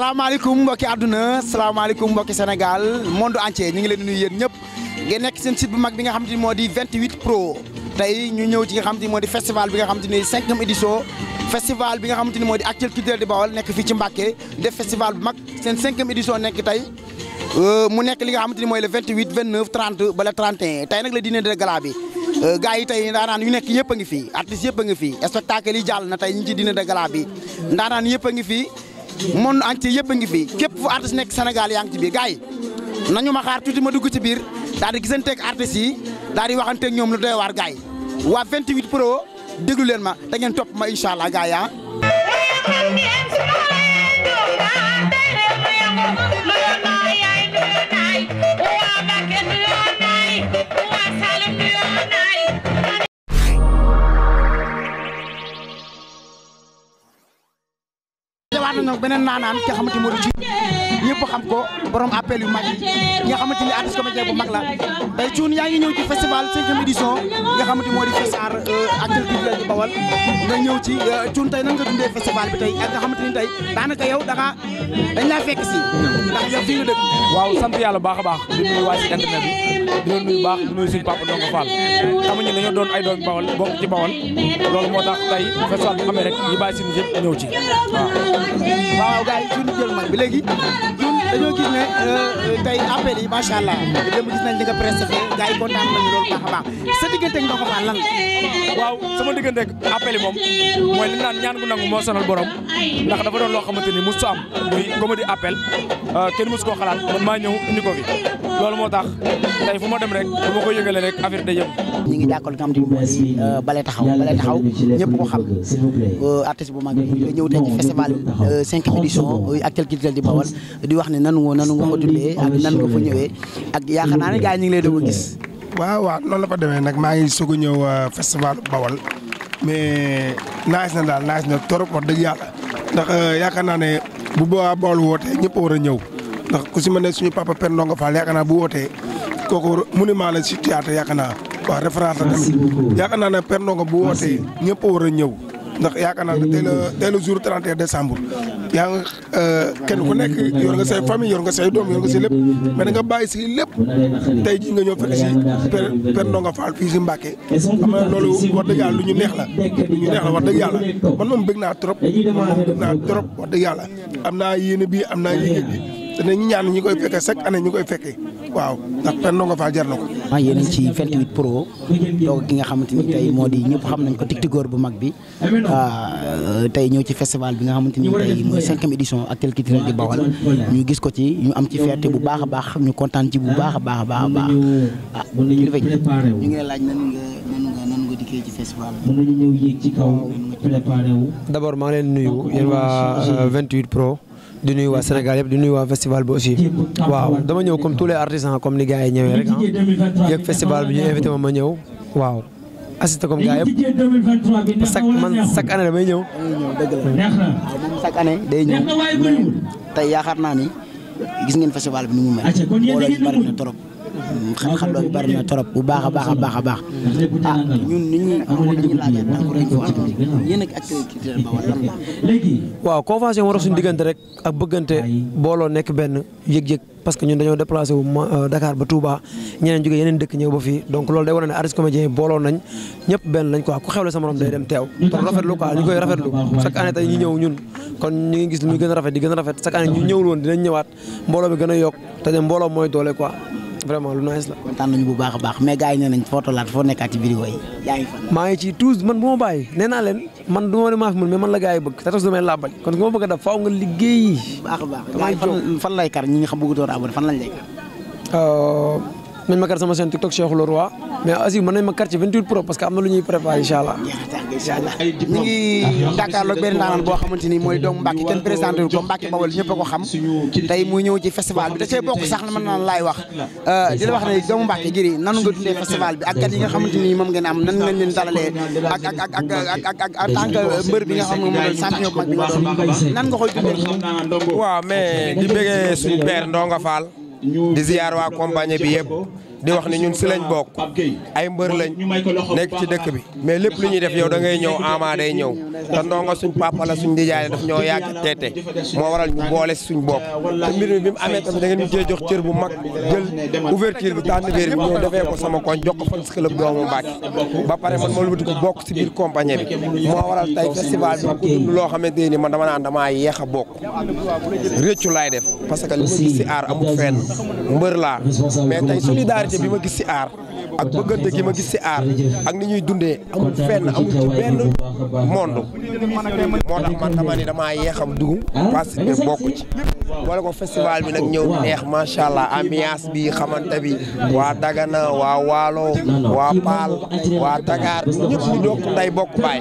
salaamaaleykum mbokki àdduna salaamaaleykum mbokki Sénégal monde entier ñu ngi leen di nuyu yéen ñëpp nekk seen site bu mag bi nga xam te moo di 28 pro tey ñu ñëw ci nga xam te ni moo di festival bi nga xam te ni cinquième édition festival bi nga xam te ni moo di actuel culturel di Bawol nekk fii ci Mbàkke def festival bu mag seen cinquième nekk tey euh, mu nekk li nga xam te ni mooy le 28 29 30 ba le 31 tey nag la dîner de gala bi euh, gars yi tey ndaanaan yu nekk yëpp ngi fi artistes yëpp a ngi fii spectacle yi jàll na tey ñu ci dîner de gala yëpp ngi fii monde entier yëpp a ngi fi képp fu artiste nekk Sénégal yaa ngi ci biir gars yi nañu ma xaar tuuti ma dugg ci biir daal di gisanteeg artistes yi daal di waxanteeg ñoom lu doy waar gars yi waa 28 pro déglu leen ma da ngeen topp ma incha allah gars yi ah. beneen naanaan ki nga xamante moo di ñëpp xam ko borom appel yu mag yi nga xamante ni artiste comédien bu mag la tey Thioune yaa ngi ñëw ci festival cinquième édition nga xamante moo di Fesar euh, acteur culturel du Bawol nga ñëw ci euh, Thioune tey nan nga dundee festival bi tey ak nga xamante ni tey daanaka yow da ngaa dañ laa fekk si ndax yow fii nga dëkk waaw sant yàlla baax a baax di nuyu waa si internet bi di nuyu baax di nuyu suñu papa Ndongo Fall xam nga dañoo doon ay doom Bawol bokk ci Bawol loolu moo tax tey festival bu amee rek yi bàyyi suñu yëpp ñëw ci waaw waaw gars yi Thioune jël mag bi léegi dañoo gis ne euh, tey appel macha allah dem gis nañ li nga presse fee gars yi kontaan nañu loolu baax a baax sa diggante ak Ndongo Fall lan waaw sama diggante ak appel yi moom mooy li naan ñaan gu nangu moo sonal borom ndax dafa doon loo xamante ni musu am muy comédie appel euh, kenn musu koo xalaat man maa ñëw indi ko fi loolu moo tax tey fu ma dem rek bu ma ko yëgale rek affaire day yëg ñi ngi jàkkoon nga xam te ni a bale taxaw bale taxaw ñëpp ko xam euh, artiste bu mag bi a tey festival euh, euh, di Bawol di wax ne nanu nga nanu nga ko tuddee ak nan nga fa ñëwee ak yaakaar naa ne gars yi ñu ngi lay gis waaw waaw noonu la fa demee nag maa ngi soog a ñëw festival Bawol mais naaj na daal naaj na torop wax dëgg yàlla ndax yaakaar naa ne bu boobaa Bawol wootee ñëpp war a ñëw ndax ku si mel suñu papa Père Ndongo Fall yaakaar naa bu wootee kooku monument la si théâtre yaakaar naa waaw référence la tamit yaakaar naa ne Père Ndongo bu wootee ñëpp war a ñëw ndax yaakaar naa ne tey la tey la jour 31 décembre yaa euh, kenn ku nekk yor nga say famille yor nga say doom yor nga si lépp mais nga bàyyi si lépp tey jii nga ñëw fekk si per Ndonga Fall fii si Mbacke xam nga loolu wax dëgg yàlla lu ñu neex la lu ñu neex la wax dëgg yàlla man moom bëgg naa trop man moom trop wax dëgg yàlla am naa yéene bi am naa danañ ñaan ñi koy fekkee chaque année ñu koy fekkee waaw ndax pen Ndongo Fall ko. ah yéen a ngi ci 28 pro donc ki nga xamante ni moo di ñëpp xam nañ ko tiktigóor bu mag bi ah, tey ñëw ci festival bi nga xamante ni tey mooy cinquième édition Actuel Culturel di Bawal ñu gis ko ci ñu am ci fierté bu baax a baax ñu kontaan ci bu baax a baax a baax a baax ah ñu ngi laaj nan nga d'abord maa ngi leen nuyu yéen waa 28 euh, pro di nuyu Sénégal yëpp di nuyu waa festival bi aussi waaw dama ñëw comme tous les artisans comme ni gars yi ñëwee rek ah yëg festival bi ñu invité ma ma waaw assisté comme gars yëpp chaque man chaque année damay ñëw. chaque année day yaakaar naa ni gis ngeen festival bi ni mu mel. mbooloo bari na trop. xam-xam loolu a baax a baax a baax ah ñun ni ñuy amoon nañu laajal tànku rajo ak yéen ak acteur culturel ba wala waaw convention war a suñu diggante rek ak bëggante booloo nekk benn yëg-yëg parce que ñun dañoo déplacé wu euh, Dakar ba Touba a jóge yeneen dëkk ñëw ba fii donc loolu day wane ne artistes comédiens yi booloo nañ ñëpp benn lañ quoi ku xewle sama morom day dem teew te rafetlu quoi ñu koy rafetlu chaque année tey ñu ñëw ñun kon ñu ngi gis lu muy gën a rafet di gën a rafet chaque année ñu ñëwul woon dinañ ñëwaat mbooloo bi gën a yokk te ne mbooloo mooy doole quoi vraiment lu nice la. kontaan nañu bu baax a baax mais gars yi nee nañ foo tolaat foo nekkaat ci vidéo maa ngi ci man bu ma bàyyi nee leen man du ma ne maa fi mën mais man la gars bëgg te tas damay làbbali kon ku ma bëgg a def faaw nga liggéey. a baax fan fan lay kar ñi nga xam bëggu fan lañ lay nañ ma kar sama seen TikTok Cheikh Leroy mais aussi mën nañ ma kar ci 28 pro parce que am na lu ñuy préparé incha allah. incha ngi jàkkaarloog benn naanaan boo xamante ni mooy doomu Mbacke kenn euh, la wax ne doomu Mbacke giri nanu nga dundee festival bi ak kat yi nga xamante ni moom ngeen am nan ngeen leen dalalee ak ak ak bi nga xam ne moom la champion mag bi nga doon nan nga koy dundee. waaw mais di bëggee suñu père di ziar waa bi yëpp di wax ne ñun si lañ bokk ay mbër lañ nekk ci dëkk bi mais lépp lu ñuy def yow da ngay ñëw Ama day ñëw suñ ndongo suñ papa la suñ nijaay daf ñoo yàgg teete moo waral ñu boole si suñ bopp te mbir mi bi mu amee tamit da ngeen jox cër bu mag jël ouverture bi tànn biir bi ñëw defee ko sama koñ jox ko fan si club doomu Mbacke ba pare ma lubati ko bokk si biir compagnie bi moo waral tey festival bi ku dund loo man dama naan damaa yeex a bokk réccu laay def parce que li si aar amul fenn mbër laa mais tey solidarité qualité bi ma gis si aar ak bëggante gi ma gis si aar ak ni ñuy dundee amul fenn amul ci benn monde moo tax man dama ni damaa yeexam dugub parce que bokk ci boole ko festival bi nag ñëw neex macha allah bi xamante bi waa Dagana waa Waalo waa Paal waa Dakar ñëpp ñu doog tey bokk baay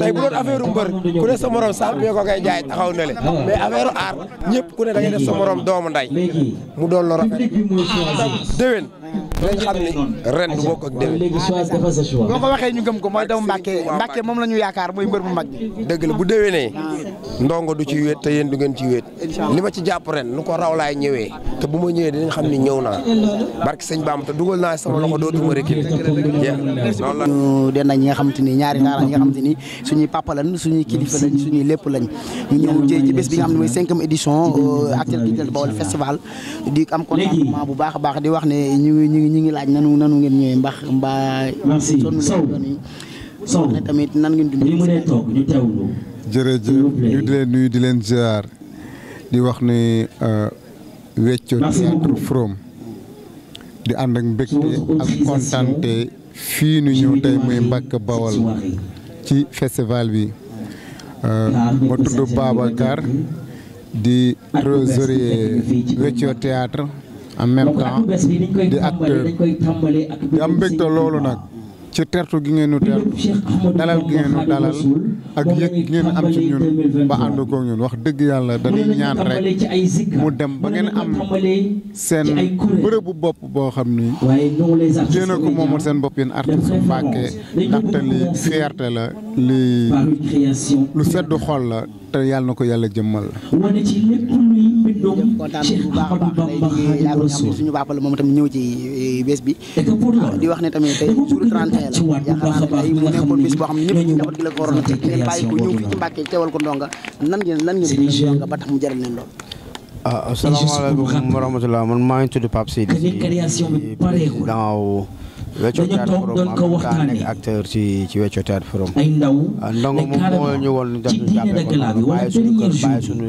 tey bu doon affaire mbër ku ne sa morom champion ko koy jaay taxaw na le mais affaire art ñëpp ku ne da ngay def doomu nday mu doon lu rafet déwén dinañ xam ne ren du bokk bu mag bi dëgg la bu déwénee ndongo du ci wéet te yéen du ngeen ci wéet li ma ci jàpp ren nu ko raw laay ñëwee te bu ma ñëwee dinañ xam ne ñëw naa barke sëñ Bamba te naa sama loxo dootuma rek den na ñi nga xamante ni ñaari ndaara ñi nga xamante ni suñuy papa lañ suñuy kilifa lañ suñuy lépp lañ ñu ñëw jëy ci bés bi nga xam ne mooy cinquième édition euh, actuel Gueule Tapée Baol festival di am contentement bu baax a baax di wax ne ñu ngi ñu ngi laaj nanu nanu ngeen ñëwee mbax mbaa. merci Sow di leen nuyu di wax ni euh, Wethio Théâtre From di ànd ak mbégte ak kontante fii nu ñëw tey muy Mbàkke Bawal ci festival bi euh, ma tudd Babacar di trésorier Wethio Théâtre en même temps di acteur di am mbégte loolu nag ci tertu gi ngeen ñu tertu dalal gi ngeen dalal ak yëg gi ngeen am ci ñun ba ànd koog ñun wax dëgg yàlla dañuy ñaan rek mu dem ba ngeen am seen bërëbu bopp boo xam ni yéen ko moomal seen bopp yéen artiste Mbàkke ndaxte lii fierté la lii lu sedd xol la te yàlla na ko yàlla jëmmal la doomu Cheikh Ahmadou Bamba Xaadimu Rasuul suñu bàppal moom tamit ñëw ci eh, bés bi boo xam ne ñëpp njaboot a teg ngeen bàyyi ko ñëw ah, man maa ngi tudd Pape Seydi dañu toog doon ko waxtaanee acteur ci ci Wécco Théâtre Forum ay ndaw ndongo moom moo ñu woon ndax ñu jàppee ko noonu waaye suñu kër bàyyi suñu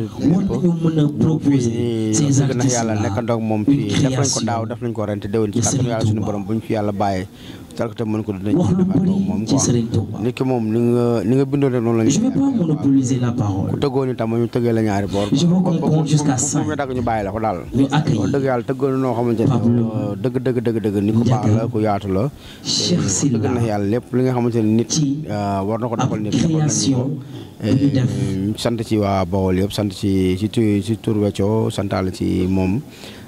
lépp na yàlla nekk ndog moom fii def nañ ko daaw def nañ ko rent déwén ci kàttan yàlla suñu borom buñ fi yàlla bàyyee quelque mën ko dinañ moom quoi nit ki moom ni nga ni nga bindoo rek noonu la je veux pas monopoliser ñu bàyyi la ko daal ñu accueillir dëgg yàlla tëggoon noo xamante ne euh, dëgg dëgg dëgg dëgg nit ku baax la ku yaatu la Cheikh Sylla na yàlla lépp li nga xamante ne nit euh, war na ko defal nit euh, sant ci waa Bawol yëpp sant ci ci ci tur Wecco santaale ci moom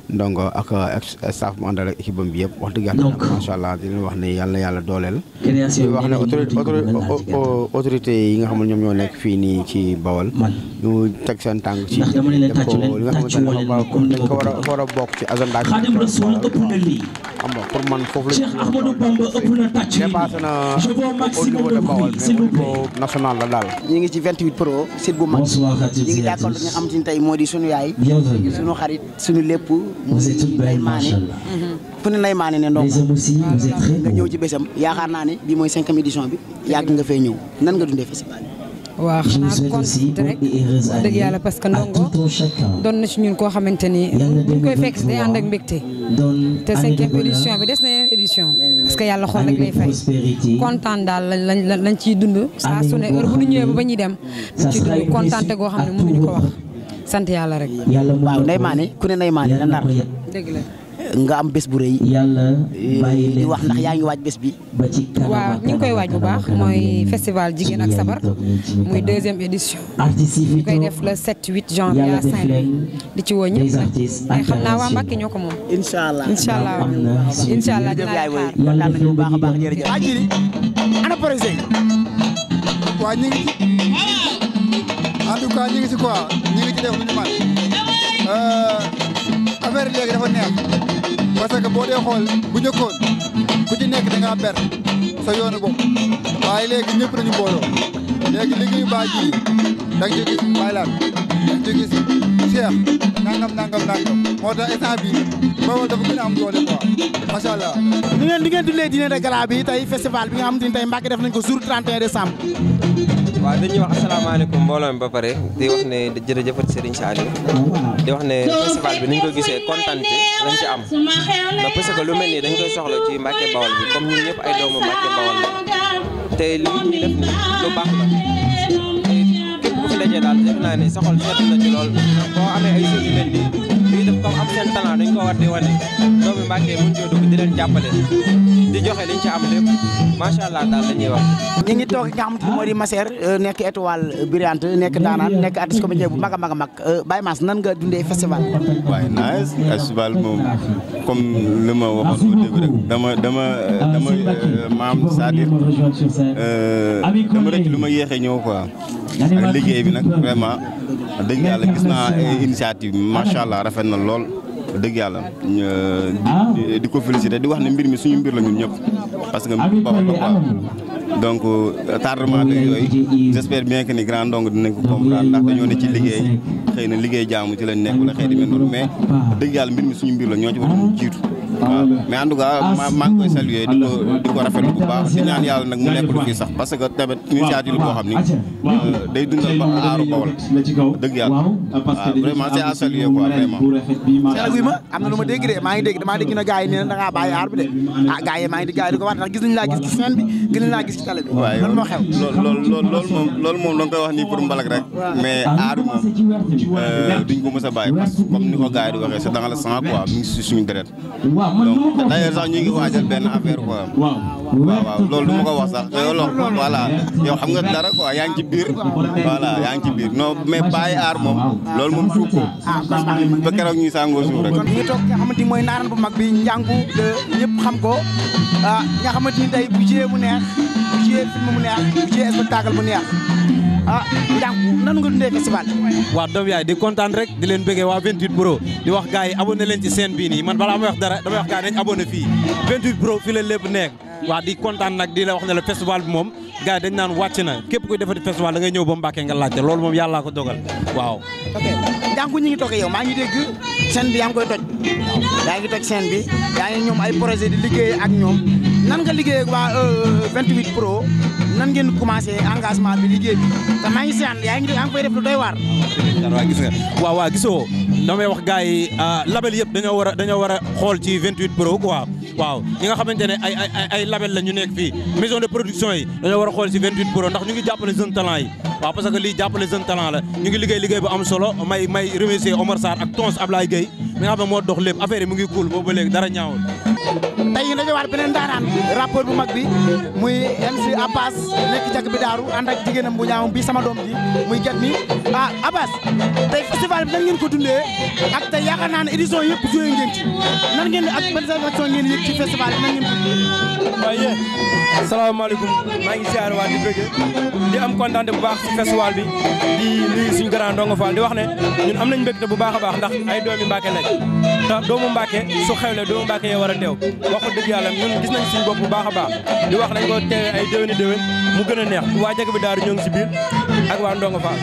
donc ak euh, euh, staff mu àndal ak équipe am bi yëpp wax dëgg yàlla macha yàlla yàlla dooleel di wax ne nga xam ñoom ñoo nekk fii nii ci Bawol ñu teg seen tànk ci def ko li nga xamante ne dañ ko war a war a bokk ci agenda Xaadimu Rasuul nga pour man foofu la Cheikh national la daal ñu ngi ci 28 pro site bu mag ñu ngi jàkkaarloo nga xam ne tey moo di sunu yaay sunu xarit sunu lépp vous êtes toutes belles macha allah. Mhm. fu ne Ndeye Mané ne Ndongo. les hommes aussi vous êtes très beaux. nga ñëw ci bésam yaakaar naa ne bii mooy cinquième édition bi yàgg nga fee ñëw nan nga dundee festival bi. xanaa konti rek dëgg yàlla parce que Ndongo doon na ci ñun koo xamante ni buñ koy fekk day ànd ak mbégte te cinquième édition bi des na yeneen édition parce que yàlla xool rek lay fay kontaan daal lañ lañ dund saa su ne heure bu ñu ñëwee ba ba dem ñu ciy dund kontaan goo xam ne mënuñu ko wax sant yàlla rek. waaw Ndeye Mané ku ne Ndeye Mané la ndar. dëgg nga am bés bu rëy. yàlla eh, bàyyi leen wax ndax yaa ngi waaj bés bi. waa ci waaw ñu koy waaj bu baax mooy festival jigéen ak sabar muy deuxième édition. artistes yi ñu koy def le 7 8 janvier di ci woo ñëpp nag xam naa waa Mbacke ñoo ko moom. incha allah incha allah incha allah dinaa la xaar nañu bu baax a baax jërëjëf. waa Jiri ana projet waa ñu ci en tout cas ñu ci quoi. def lu ñu mën affaire léegi dafa neex parce que boo dee xool bu njëkkoon ku ci nekk da ngaa ber sa yoonu bopp waaye léegi ñëpp nañu mbooloo léegi liggéeyu baa ji da nga ci gis baylaat da nga ci gis Cheikh nangam nangam nangam moo tax instant bii boobu dafa gën a am doole quoi macha allah. ni ngeen di ngeen dundee dîner de bi tey festival bi nga xamante ni tey Mbacké def nañ ko jour 31 décembre. waaw dañuy wax asalaamaaleykum mbooloo mi ba pare di wax ne jërëjëfat Serigne Saliou di wax ne festival bi ni ko gisee kontaan lañ ci am ndax parce que lu mel nii dañ koy soxla ci Mbacke Bawol bi comme ñun ñëpp ay doomu Mbacke Bawol la te li ñuy def lu baax la te képp ku fi na lool boo amee ay suuf yu mel nii luy def comme am seen ko war di di joxe liñ ci am lépp macha allah daal la ñuy wax. ñu ngi toog nga xamante ni moo di Masser euh, nekk étoile brillante nekk daanaan nekk artiste comédien bu mag a mag a mag euh, Baye Mass nan nga dundee festival. waaye nice festival moom comme li ma waxoon au début rek dama dama dama euh, maam c'est-à-dire dama rëcc lu ma yéexee ñëw ko ak liggéey bi nag vraiment dëgg yàlla gis naa initiative bi macha allah rafet na lool. dëgg yàlla di ko féliciter di wax ne mbir mi suñu mbir lañu ñëpp parce que mbir baba papa donc euh, tardement bi yooyu j'espère bien que ni grand donc dinañ ko comprendre ndax dañoo ne ci liggéey xëy na liggéey jaamu ci lañ nekk wala xëy na mais dëgg yàlla mbir mi suñu mbir la ñoo ci war a jiitu waaw mais en tout cas maa ngi koy saluer di ko di ko bu baax di ñaan yàlla nag mu nekk lu fii sax parce que tamit initiative boo xam ni euh, day dundal ba aaru Bawol dëgg yàlla waaw vraiment c'est à na lu ma de maa ngi dégg damaa dégg na gars yi nee na da ngaa aar bi de ah maa ngi di gars di ko wax ndax gis nañu laa gis ci semaine bi gis nañu laa gis ci télé bi loolu moo xew lool lool loolu moom loolu moom da nga wax nii pour mbalak rek mais ah, aar moom euh, duñ ko mës a bàyyi parce que ni ko gars yi di waxee c'est dans le sang quoi mi ngi si suñu deret waaw man nu ma ko d'ailleurs ngi waajal benn affaire quoi. waaw waaw loolu du ma ko wax sax loolu voilà yow xam nga dara quoi yaa ngi biir voilà yaa ngi ci biir non mais bàyyi aar moom loolu moom tuub ko ba keroog ñuy sàngoo suuf rek. ñu ngi toog nga mooy naaran mag bi njàngu de ñëpp xam ko ah nga xamante ni tey bu jiyee mu neex bu jiyee film mu neex bu neex. ah donc nan nga dundee festival waa doom yaay di kontaan rek di leen bëggee waa 28 Pro di wax gars yi abonné leen ci seen bii nii man balaa ma wax dara dama wax gars yi nañ abonné fii 28 Pro fii la lépp nekk waaw di kontaan nag di la wax na la festival bi moom gars yi dañ naan wàcc na képp koy defati festival da ngay ñëw ba Mbàkke nga laajte loolu moom yàllaa ko dogal waaw ok jànku ñi ngi toogee yow ma ngi dégg scène bi yaa ngi koy toj yaa ngi toj scène bi yaa ñoom ay projet di liggéey ak ñoom nan nga liggéey ak waa 28 euh, Pro nan ngeen commencé engagement bi liggéey bi te maa ngi seen yaa ngi yaa ngi fay def lu doy waar. waaw gis nga waaw waaw gisoo damay wax gars yi ah, label yëpp dañoo war a dañoo war a xool ci 28 pro waaw ñi nga xamante ne ay label la ñu nekk fii maison de production yi dañoo war a xool ci 28 pro ndax ñu ngi jàppale jeune talent yi. waaw parce lii jàppale jeune talent la ñu ngi liggéey liggéey bu am solo may may remercier Omar Sarr ak Tons Ablaye Gueye mi moo dox lépp mu ngi cool boobu ba léegi dara tey ñu dajewaat beneen daanaan rappeur bu mag bi muy MC Abbas nekk jag bi daaru ànd ak jigéenam bu ñaaw bi sama doom ji muy get mi ah Abbas tey festival bi nan ngeen ko ak tey yaakaar naa ne édition yëpp joué ngeen ci nan ngeen ak ban satisfaction ngeen yëg ci festival bi nan ngeen ko waaw maa ngi siyaar waa di bëgg di am kontaan bu baax ci festival bi di nuyu suñu grand Ndongo Fall di wax ne ñun am nañ mbégte bu baax baax ndax ay doomi Mbàkke lañ te doomu Mbacke su xewle doomu Mbacke yow war a teew waxu dëgg yàlla ñun gis nañ suñu bopp bu baax a baax di wax nañ ko teewe ay déwéni déwén mu gën a neex waa jag bi daaru ñoo ngi si biir ak waa Ndongo Fall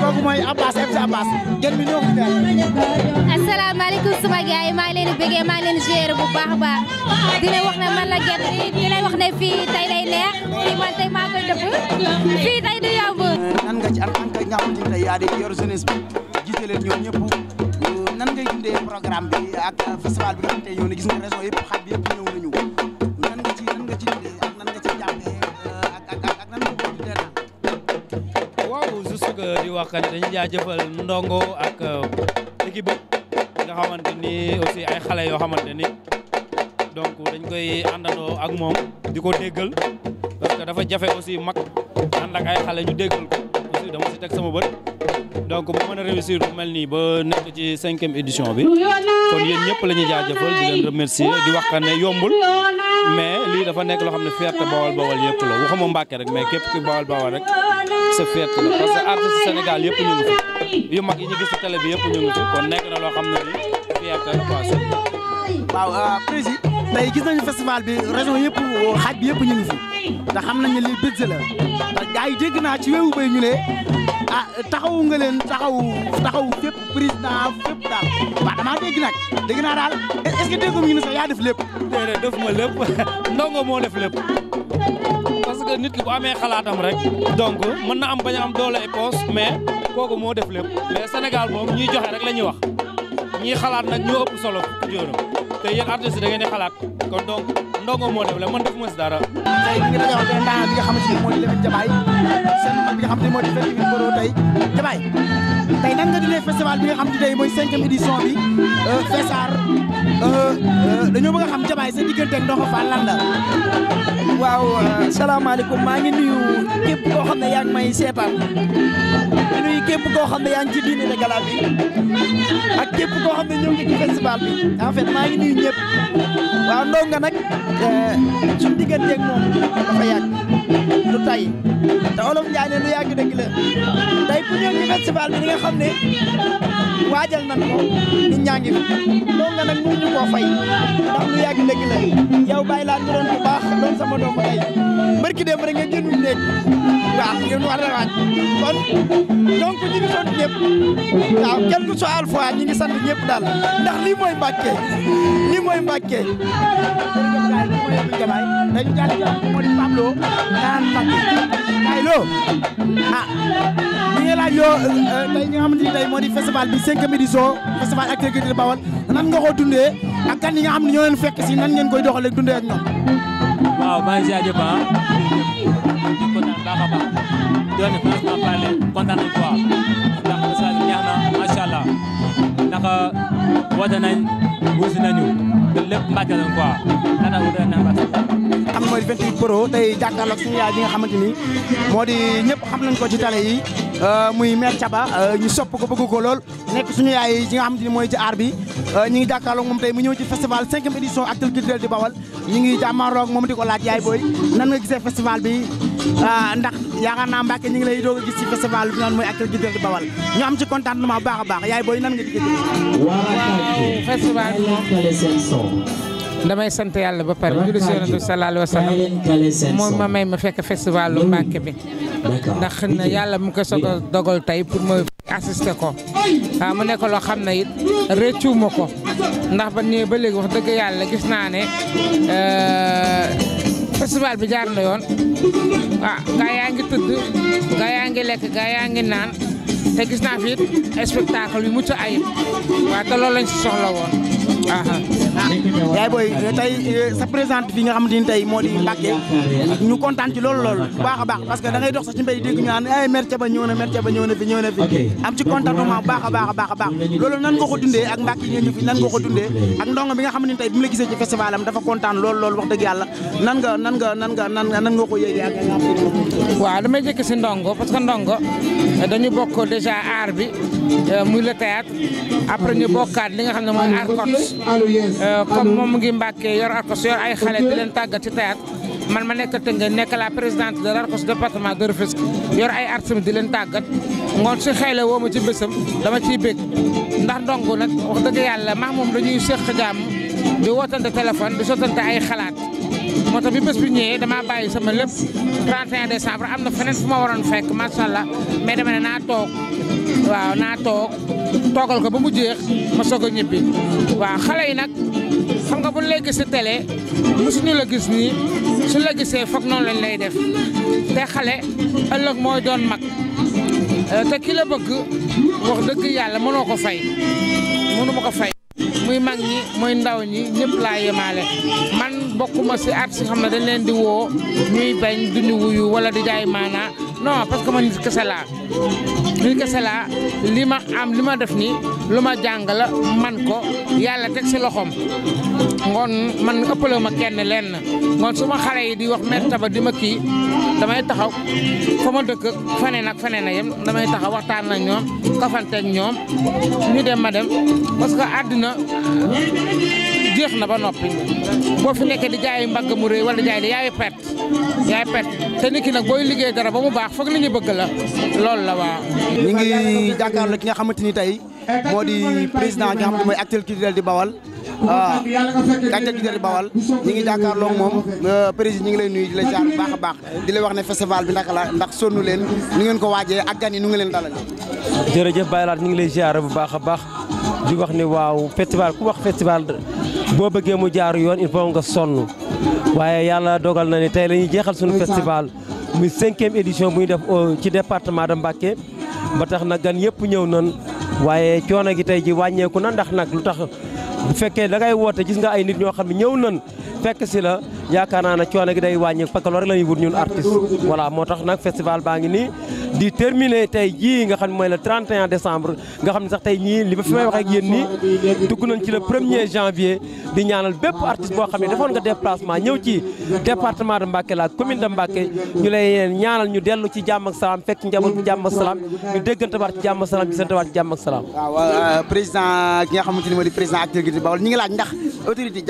kooku mooy Abbas MC Abbas jën mi ñoo a wax ne fii tey day neex fii man tey maa koy dëpp fii tey du yomb dundee programme bi ak festival bi nga xam te ñëw na gis nga région yëpp nañu nga nga ci dundee ak ak nan di wax kat dañuy jaajëfal ndongo ak euh, équipe nga xamante ni yoo xamante ni donc dañ koy àndandoo ak moom di ko déggal parce que dafa jafe aussi mag ànd ak ay xale ñu déggal ko aussi dama si teg sama bët. donc bu mën a réussir bu mel nii ba nekk ci cinquième édition bi kon yéen ñëpp la ñuy jaajëfal di leen remercier di wax ne yombul mais lii dafa nekk loo xam ne fierté bawal bawal yëpp la waxuma Mbàkke rek mais képp ki bawal bawal rek sa fierté la parce que Sénégal yëpp ñu ngi fi yu mag yi ñu gis ci bi yëpp ñu ngi fi kon nekk na loo xam ne nii fierté la quoi. waaw euh, président gis nañu festival bi région yëpp xaaj bi yëpp ñu ngi fi te nañu ne lii budget la. gars yi dégg naa ci wéwu bay ñu ne ah, taxawu nga leen taxawu taxawu fépp président fépp daal waaw damaa dégg nag dégg naa daal est-ce que ne sax yaa def lépp. déedéet defuma lépp moo def lépp parce que nit ki bu amee xalaatam rek donc mën na am bañ a am doole ay poos mais kooku moo def lépp mais Sénégal moom ñuy joxe rek la ñuy wax ñiy xalaat nag ñoo ëpp solo juróom te yéen artistes da ngeen xalaat kon donc. ndongo moo dem la man def mos dara. tey ñu ngi doon wax benn daanaka bi nga xamante ni mooy Lamine Diabaye seen mag bi nga xam ne moo di festival Mboro bi nga xam ne tey mooy cinquième édition bi euh, Fesar euh, euh, dañoo ba a xam Jobaay sa diggante ak Ndongo Fall lan la. waaw salaamaaleykum maa ngi nuyu képp koo xam ne yaa ngi may seetaan di nuyu képp koo xam ne yaa ngi ci diine de gala bi ak képp koo xam ne ñëw nga festival bi en maa ngi nuyu ñëpp waaw Ndongo nag suñu digganteeg moom dafa yàgg. tay te olof Njaay ne lu yàgg festival bi li nga xam ne waajal nan ko nit ñaa ngi fi loolu nga nag mënuñu koo fay ndax lu yàgg dëgg la yow bàyyi laa ñu doon bu baax doon sama doomu day barki dem rek nga génnuñ néeg waaw ngeen war a waaj kon donc ñi ngi sant ñëpp waaw quel que soit alpha ñi ngi sant ñëpp daal ndax lii mooy Mbàkke lii mooy Mbàkke jamaay dañu jàll jàll moo di Pablo naan Mbàkke ay loo ah ñi ngi laaj loo tey nga xamante ni tey moo di festival bi cinquième édition festival agriculture Bawol nan nga ko dundee ak gan yi nga xam ne ñoo leen fekk si nan ngeen koy doxalee dundee ak ñoom. waaw maa ngi si àjëf ah. di kontaan baax a baax di wane franchement parler kontaan nañu quoi ndax message bi neex na macha allah ndax woote nañ wuusi nañu te lépp mbàcce nañ quoi daanaka wuute nañ yaay bi nga xamante ni moo di ñëpp xam nañ ko ci tale yi Euh, muy mère Thiaba euh, ñu sopp ko bëgg ko lool nekk suñu yaay yi nga xam te ni mooy ci aar bi euh, ñu ngi jàkkaarloo moom tey mu ñëw ci festival cinquième édition acteur culturel di Bawal ñu ngi jàmmaarloo moom di ko laaj yaay booy nan nga gisee festival bi ndax yaakaar naa Mbacke ñu ngi lay doog a gis ci festival bi naan mooy acteur culturel di Bawal ñu am ci contentement bu baax a baax yaay booy nan nga di waaw festival bi damay sant yàlla ba pare julli si yonent bi moom ma may ma fekk festival lu Mbàkke ndax yàlla mu ko soog a dogal tey pour ma assister ko waaw ah, mu nekk loo xam ne it rëccu ma ko ndax ba ñëwee ba léegi wax dëgg yàlla gis naa ne euh, festival bi jaar na yoon ah gaa yaa ngi tëdd gaa yaa ngi lekk gaa yaa ngi naan te gis naa fi it spectacle yu mucc ayib te loolu si soxla woon yaay booy tey eh, sa présente fi nga xamante ni tey moo di Mbàkke ñu kontaan ci loolu loolu baax a baax parce que da dox sax ci mbéy dégg ñu naan ay merce ba ñëw ba fi am ci contentement bu baax a baax a baax a baax loolu nan nga ko dundee ak ndongo bi nga xamante ni tey bi mu la ci festival am dafa kontaan loolu loolu wax dëgg yàlla nan nga nan nga nan nga nan nan nga ko yéegee ak damay jëkk si ndongo parce ndongo dañu bokk déjà aar bi Euh, muy le théâtre après ñu bokkaat li nga xam ne mooy arcos euh, comme moom mu ngi mbàkkee yor arcos yor ay xale di leen ci théâtre man ma nekk tënge nekk la présidente de l'arcos département de Rufisque yor ay artistes di leen ngoon si xeyle woo ma ci bésam dama ciy bég ndax ndongo nag wax dëgg yàlla max moom dañuy séq jaam di wootante téléphone di sottante ay xalaat moo tax bi bés bi ñëwee damaa bàyyi sama lépp 31 décembre am na feneen fu ma waroon fekk macha allah mais dama ne naa toog waaw naa toog toogal ko ba mu jeex ma soog a ñibbi waaw xale yi nag xam nga bu lay gis si télé mosuñu la gis nii suñu la gisee foog noonu lañ lay def te xale ëllëg mooy doon mag euh, te ki la bëgg wax dëgg yàlla mënoo ko fay mënu ma ko fay. muy mag ñi muy ndaw ñi ñëpp laa yemaale man bokkuma si at si xam ne dañ leen di woo ñuy bañ duñu wuyu wala di jaay maanaa non parce que man nit kese laa bil kese laa li ma am li ma def nii lu ma jàng man ko yàlla teg si loxoom ngoon man ëppale ma kenn lenn ngoon su ma xale yi di wax met taba di ma kii damay taxaw fa ma dëkk feneen ak feneen a yem damay taxaw waxtaan ak ñoom kafanteeg ñoom ñu dem ma dem parce que àddina jeex na ba noppi boo fi nekkee di jaay mbagg mu rëy wala jaay la yaay perte yaay perte te nit booy liggéey dara ba mu baax foog li ñu bëgg la lool la waa. ñu ngi jàkkaarloo ki nga xamante ni tey moo di président nga xam ne mooy acteur di Bawal. waaw gàncax gi di bawal ñi ngi jàkkaarloog moom euh, président ñi ngi lay nuyu la jaar bu baax a baax di la wax ne festival bi naka la ndax sonnu leen nu ngeen ko waajee ak gan yi nu nga leen dalal jërëjëf Baye Laat ñi ngi lay ziar bu baax a baax di wax ne waaw festival ku wax festival boo bëggee mu jaar yoon il faut nga sonn waaye yàlla dogal na ni tey lañuy ñuy jeexal suñu festival muy cinquième édition bu ñu def euh, ci département de Mbacké ba tax na gan yëpp ñëw nan waaye coono gi tey ji wàññeeku na ndax nag lu tax bu fekkee da ngay woote gis nga ay nit ñoo xam ne ñëw nan fekk si la yaakaar naa ne coono gi day wàññeeku parce que loolu rek la ñuy wut ñun artiste voilà moo tax nag festival baa ngi nii di terminer tey jii nga xam ne mooy le 31 décembre nga xam ne sax tey ñii li ma fi may wax ak yéen ci le premier janvier di ñaanal bépp artiste boo xam ne defoon nga déplacement ñëw ci département de Mbacké la commune de Mbacké ñu lay ñaanal ñu dellu ci jàmm ak salaam fekk njaboot ci jàmm ak salaam ñu déggante waat ci jàmm ak salaam gisante waat ci jàmm ak salaam waaw euh, président ki nga xamante ni moo di président activité Bawol ñi ngi laaj ci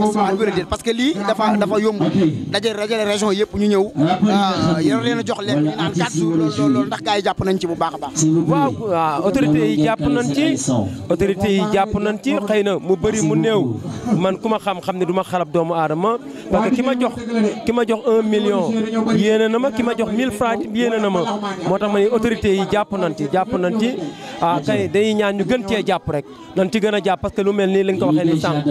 festival bi déet parce que lii dafa dafa yomb région yëpp ñu ñëw yor jox leen ñu naan loolu ndax gars yi jàpp nañ ci bu baax baax waaw waaw autorité yi jàpp nañ ci autorité yi jàpp nañ ci xëy na mu bëri mu néew man ku ma xam-xam ne duma xarab doomu aadama parce que ki ma jox ki ma jox un million yéene na ma ki ma jox mille francs yéene na ma moo tax ma ne autorité yi jàpp nañ ci jàpp nañ ci ah kay dañuy ñaan ñu gën cee jàpp rek nañ ci gën a jàpp parce que lu mel nii li nga ko waxee ni sànq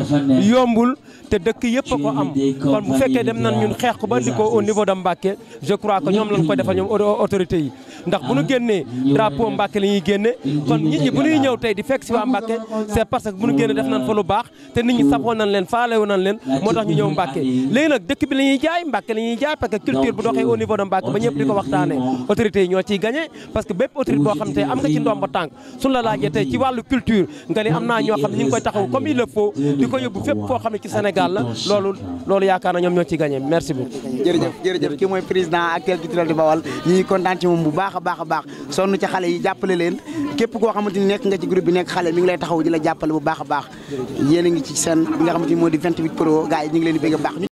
yombul te dëkk yëpp a ko am kon bu fekkee dem nañ ñun xeex ko ba di ko au niveau de que ñoom lañ ko defal autorité yi ndax bu nu génnee drapeau Mbàkke la génne kon nit ñi bu ñuy ñëw tey di fekk si waa Mbàkke c'est parce que bu nu génnee def nañ fa lu baax te nit ñi safoon nañ leen faalewoon nañ leen moo tax ñu ñëw Mbàkke léegi nag dëkk bi la jaay Mbàkke la jaay parce que culture bu doxee au niveau de ba ñëpp di ko waxtaane autorités ñoo ciy gagné parce que bépp autorité boo xam te am am naa ñoo xam ne ñu koy taxaw comme il le di ko yóbbu fépp foo xam ne baax a baax a baax sonn ci xale yi jàppale leen képp koo xamante ni nekk nga ci groupe bi nekk xale mi ngi lay taxaw la jàppale bu baax a baax yéen a ci seen nga xamante ni moo di 28 pro gars yi ñu ngi leen baax